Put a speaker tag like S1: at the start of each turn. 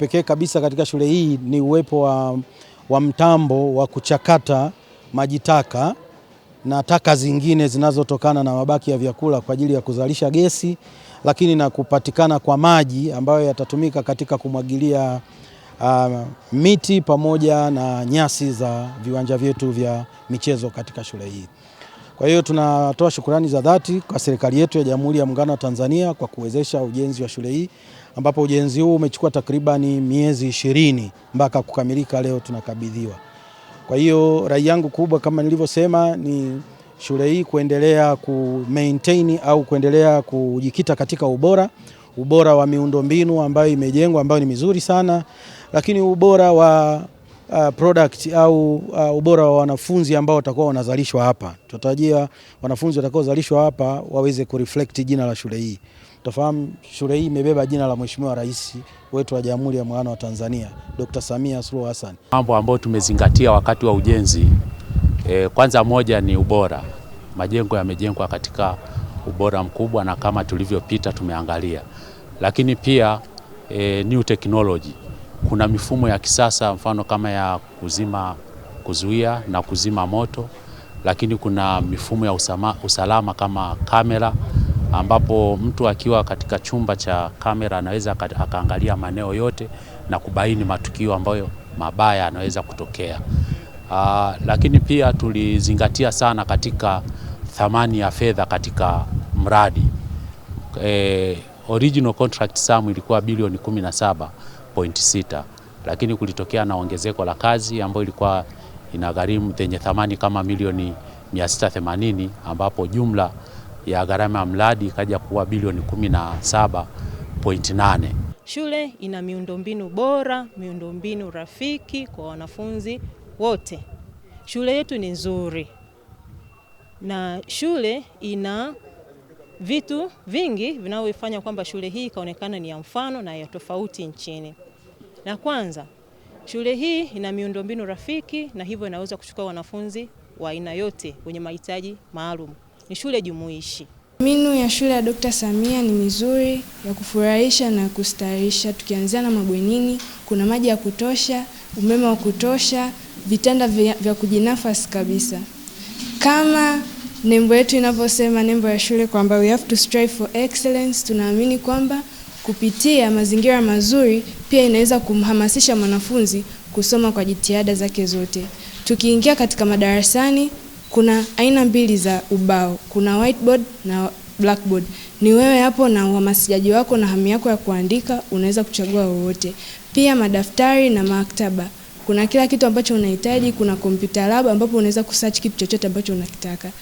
S1: Pekee kabisa katika shule hii ni uwepo wa, wa mtambo wa kuchakata maji taka na taka zingine zinazotokana na mabaki ya vyakula kwa ajili ya kuzalisha gesi, lakini na kupatikana kwa maji ambayo yatatumika katika kumwagilia uh, miti pamoja na nyasi za viwanja vyetu vya michezo katika shule hii. Kwa hiyo tunatoa shukurani za dhati kwa serikali yetu ya Jamhuri ya Muungano wa Tanzania kwa kuwezesha ujenzi wa shule hii ambapo ujenzi huu umechukua takribani miezi ishirini mpaka kukamilika, leo tunakabidhiwa. Kwa hiyo rai yangu kubwa kama nilivyosema ni shule hii kuendelea ku maintain au kuendelea kujikita katika ubora ubora wa miundombinu ambayo imejengwa ambayo ni mizuri sana, lakini ubora wa uh, product au uh, ubora wa wanafunzi ambao watakuwa wanazalishwa hapa. Tunatarajia wanafunzi watakaozalishwa hapa waweze kureflect jina la shule hii. Tafahamu shule hii imebeba jina la Mheshimiwa Rais wetu wa Jamhuri ya Muungano wa Tanzania, Dr. Samia Suluhu Hassan.
S2: Mambo ambayo tumezingatia wakati wa ujenzi eh, kwanza moja ni ubora. Majengo yamejengwa katika ubora mkubwa na kama tulivyopita tumeangalia, lakini pia eh, new technology kuna mifumo ya kisasa mfano kama ya kuzima, kuzuia na kuzima moto, lakini kuna mifumo ya usama, usalama kama kamera ambapo mtu akiwa katika chumba cha kamera anaweza akaangalia maeneo yote na kubaini matukio ambayo mabaya yanaweza kutokea. Aa, ah, lakini pia tulizingatia sana katika thamani ya fedha katika mradi. E, original contract sum ilikuwa bilioni 17. 6.6, lakini kulitokea na ongezeko la kazi ambayo ilikuwa ina gharimu zenye thamani kama milioni 680, ambapo jumla ya gharama ya mradi ikaja kuwa bilioni 17.8.
S3: Shule ina miundombinu bora, miundombinu rafiki kwa wanafunzi wote. Shule yetu ni nzuri na shule ina vitu vingi vinavyofanya kwamba shule hii ikaonekana ni ya mfano na ya tofauti nchini. na kwanza, shule hii ina miundombinu rafiki na hivyo inaweza kuchukua wanafunzi wa aina yote wenye mahitaji maalum. Ni shule jumuishi.
S4: Minu ya shule ya Dr. Samia ni mizuri ya kufurahisha na kustarisha, tukianzia na mabwenini, kuna maji ya kutosha, umeme wa kutosha, vitanda vya, vya kujinafasi kabisa kama nembo yetu inavyosema, nembo ya shule kwamba we have to strive for excellence. Tunaamini kwamba kupitia mazingira mazuri pia inaweza kumhamasisha mwanafunzi kusoma kwa jitihada zake zote. Tukiingia katika madarasani, kuna aina mbili za ubao, kuna whiteboard na blackboard. Ni wewe hapo na uhamasishaji wako na hamu yako ya kuandika, unaweza kuchagua wowote. Pia madaftari na maktaba kuna kila kitu ambacho unahitaji. Kuna kompyuta lab ambapo unaweza kusearch kitu chochote ambacho unakitaka.